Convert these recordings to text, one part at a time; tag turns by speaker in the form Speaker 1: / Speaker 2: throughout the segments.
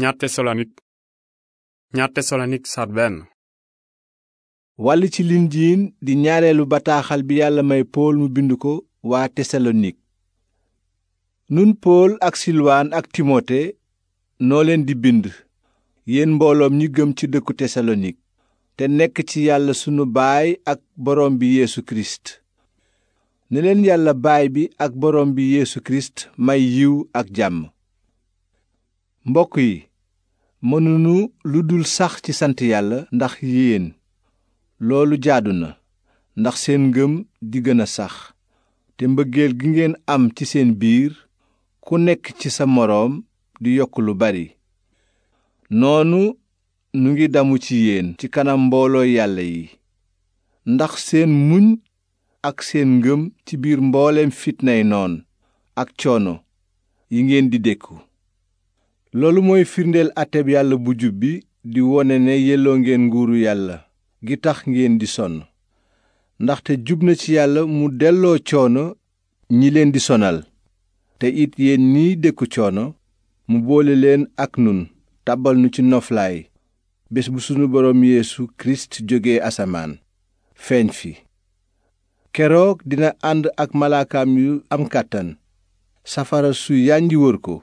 Speaker 1: ñaar tesalonik ñaar wàll ci lindiin di ñaareelu bataaxal bi yàlla may pool mu bind ko waa tesalonik nun pool ak silwaan ak timote noo leen di bind yéen mbooloom ñi gëm ci dëkku tesalonik te nekk ci yàlla sunu baay ak borom bi yeesu kirist ne leen yàlla baay bi ak borom bi yeesu kirist may yiw ak jàmm mbokk yi mënunu lu dul sax ci sant yàlla ndax yéen loolu jaadu na ndax seen ngëm di gën a sax te mbëggeel gi ngeen am ci seen biir ku nekk ci sa moroom di yokk lu bari noonu nu ngi damu ci yéen ci kanam mbooloo yàlla yi ndax seen muñ ak seen ngëm ci biir mbooleem fitnay noon ak coono yi ngeen di dékku loolu mooy firndeel àtteb yàlla bu jub bi di wone ne yelloo ngeen nguuru yàlla gi tax ngeen di sonn ndaxte jub na ci yàlla mu delloo coono ñi leen di sonal te it yéen nii dékku coono mu boole leen ak nun tàbbal nu ci noflaay bés bu sunu boroom yeesu kirist jóge asamaan feeñ fi keroog dina ànd ak malaakaam yu am kàttan safara su yànji wër ko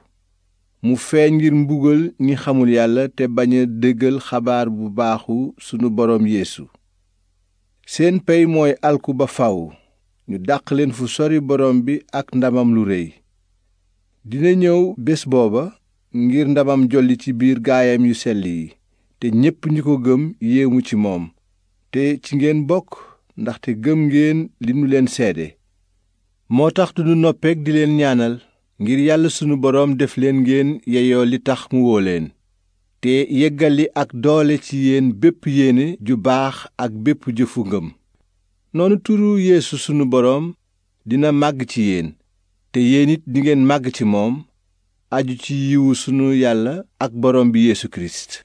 Speaker 1: mu feeñ ngir mbugal ñi xamul yàlla te bañ a dëggal xabaar bu baaxu sunu borom yéesu seen pey mooy alku ba faw ñu dàq leen fu sori boroom bi ak ndamam lu réy dina ñëw bés booba ngir ndamam jolli ci biir gaayam yu sell yi te ñépp ñi ko gëm yéemu ci moom te ci ngeen bokk ndaxte gëm ngeen li nu leen seede moo tax du noppeek di leen ñaanal ngir yàlla sunu boroom def leen ngeen yeyoo li tax mu woo leen te yeggali ak doole ci yeen bépp yéene ju baax ak bépp jëfu ngëm noonu turu yeesu sunu boroom dina màgg ci yéen te yéen it dingeen màgg ci moom aju ci yiwu sunu yàlla ak boroom bi yeesu kirist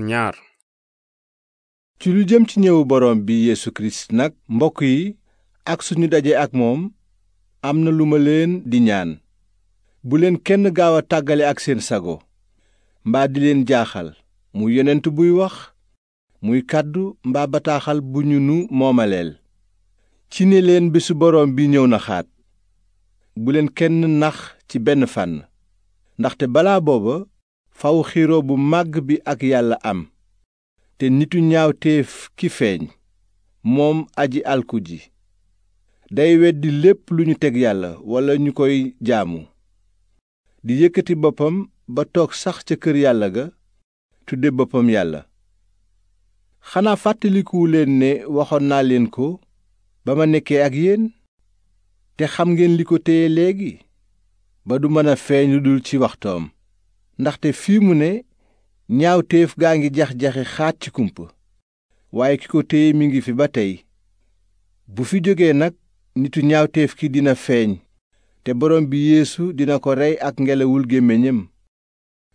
Speaker 1: ñaar ci lu jëm ci ñëwu boroom bi yeesu kirist nag mbokk yi ak suñu daje ak moom am na lu ma leen di ñaan buleen kenn gaaw a tàggale ak seen sago mbaa di leen jaaxal mu yonent buy wax muy kàddu mbaa bataaxal bu ñu nu moomaleel ci ne leen bésu boroom bi ñëw na xaat buleen kenn nax ci benn fànn ndaxte balaa booba faw xiroo bu màgg bi ak yàlla am te nitu ñaawteef ki feeñ moom aji alku day weddi lépp lu ñu teg yàlla walla ñu koy jaamu di yëkkati boppam ba toog sax ca kër yàlla ga tudde boppam yàlla xanaa fàttalikuwu leen ne waxoon naa leen ko ba ma nekkee ak yéen te xam ngeen li ko téye léegi ba du mën a feeñ lu dul ci waxtoom ndaxte fii mu ne ñaawteef gaa ngi jax-jaxe xaat ci kumpa waaye ki ko téye mi ngi fi ba tey bu fi jógee nag nitu ñaawteef ki dina feeñ te borom bi yeesu dina ko rey ak ngelawul gémmiñam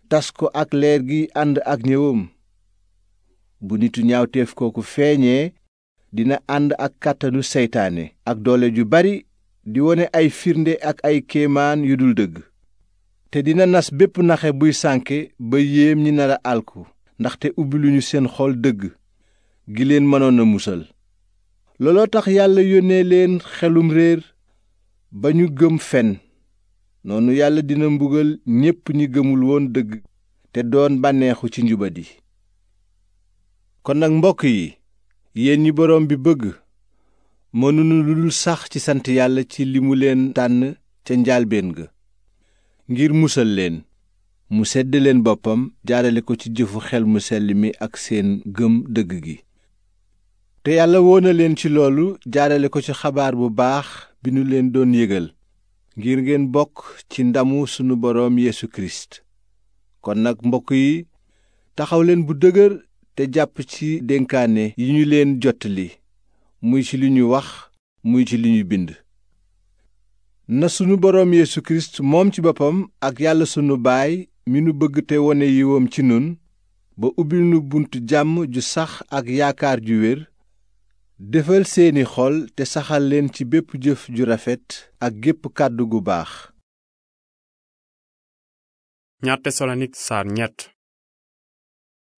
Speaker 1: tas ko ak leer gi ànd ak ñëwam bu nitu ñaawteef kooku feeñee dina ànd ak kàttanu seytaane ak doole ju bari di wone ay firnde ak ay kéemaan yu dul dëgg te dina nas bépp naxe buy sànke ba yéem ñi nar a alku ndaxte ubbi luñu seen xol dëgg gi leen mënoon a musal looloo tax yàlla yónnee leen xelum réer ba ñu gëm fenn noonu yàlla dina mbugal ñépp ñi gëmul woon dëgg te doon bànneexu ci njubadi kon nag mbokk yi yéen ñi boroom bi bëgg mënunu lu dul sax ci sant yàlla ci li mu leen tànn ca njaalbeen ga ngir musal leen mu sedd leen boppam jaarale ko ci jëfu xel mu sell mi ak seen gëm dëgg gi te yàlla woo na leen ci loolu jaarale ko ci xabaar bu baax bi nu leen doon yégal ngir ngeen bokk ci ndamu sunu boroom Yeesu Kirist kon nag mbokk yi taxaw leen bu dëgër te jàpp ci dénkaane yi ñu leen jottali muy ci li ñu wax muy ci li ñu bind na sunu boroom Yeesu Kirist moom ci boppam ak yàlla sunu baay mi nu bëgg te wone yiwam ci nun ba ubbi nu bunt jàmm ju sax ak yaakaar ju wér defal seeni xol te saxal leen ci bépp jëf ju rafet ak gépp kàddu gu baax ñaar tesalonik ñett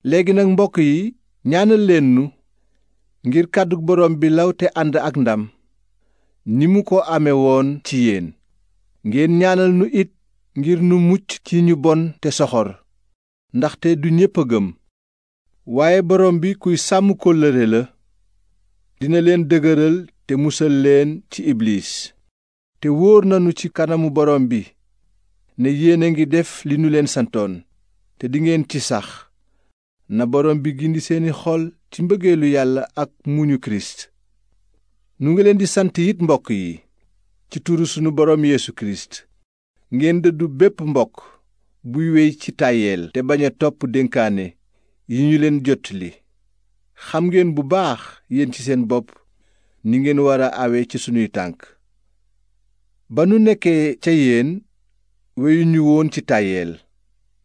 Speaker 1: léegi nag mbokk yi ñaanal leen nu ngir kàddu boroom bi law te ànd ak ndam ni mu ko ame woon ci yéen ngeen ñaanal nu it ngir nu mucc ci ñu bon te soxor ndaxte du ñépp a gëm waaye boroom bi kuy sàmm kóllëre la dina leen dëgëral te musal leen ci ibliis te wóor nanu ci kanamu borom bi ne yéen a ngi def li nu leen santoon te dingeen ci sax na borom bi gindi seeni xol ci mbëggeelu yàlla ak muñu kirist nu ngi leen di sant it mbokk yi ci turu sunu borom yeesu kirist ngeen dëddu bépp mbokk buy wey ci tàyyeel te bañ a topp dénkaane yi ñu leen jot li xam ngeen bu baax yéen ci seen bopp ni ngeen war a awe ci sunuy tànk ba nu nekkee ca yéen weyuñu woon ci tàyyeel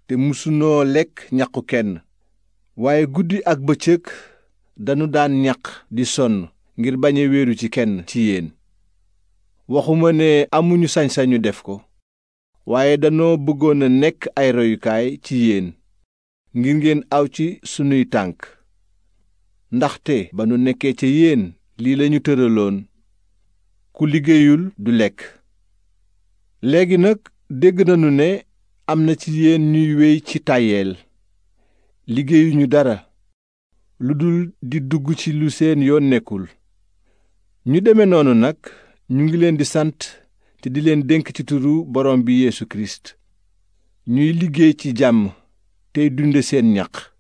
Speaker 1: te mësunoo lekk ñaqu kenn waaye guddi ak bëccëg danu daan ñaq di sonn ngir bañ a wéeru ci kenn ci yéen waxuma ne amuñu sañ-sañu def ko waaye danoo bëggoona nekk ay royukaay ci yéen ngir ngeen aw ci sunuy tànk ndaxte ba nu nekkee ca yéen lii lañu tëraloon ku liggéeyul du lekk léegi nag dégg nañu ne am na ci yéen ñuy wéy ci tàyyeel liggéeyuñu dara lu dul di dugg ci lu seen yoon nekkul ñu deme noonu nag ñu ngi leen di sant te di leen dénk ci turu borom bi yéesu Kirist ñuy liggéey ci jàmm tey dunde seen ñaq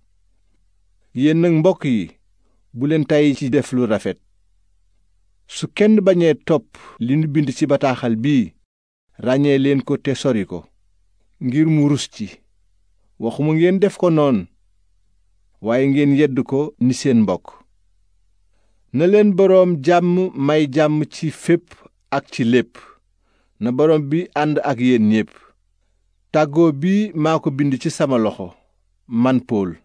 Speaker 1: yéen nag mbokk yi bu leen ci def lu rafet su kenn bañee topp li nu bind ci bataaxal bii ràññee leen ko te sori ko ngir mu rus ci mu ngeen def ko noon waaye ngeen yedd ko ni seen mbokk na leen boroom jàmm may jàmm ci fépp ak ci lépp na boroom bi ànd ak yéen ñépp tàggoo bi maa ko bind ci sama loxo man Pool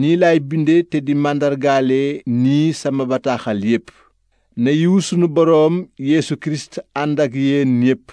Speaker 1: nii laay binde te di màndargaale nii sama bataaxal yépp na yiw sunu boroom yéesu Kirist ànd ak yéen yépp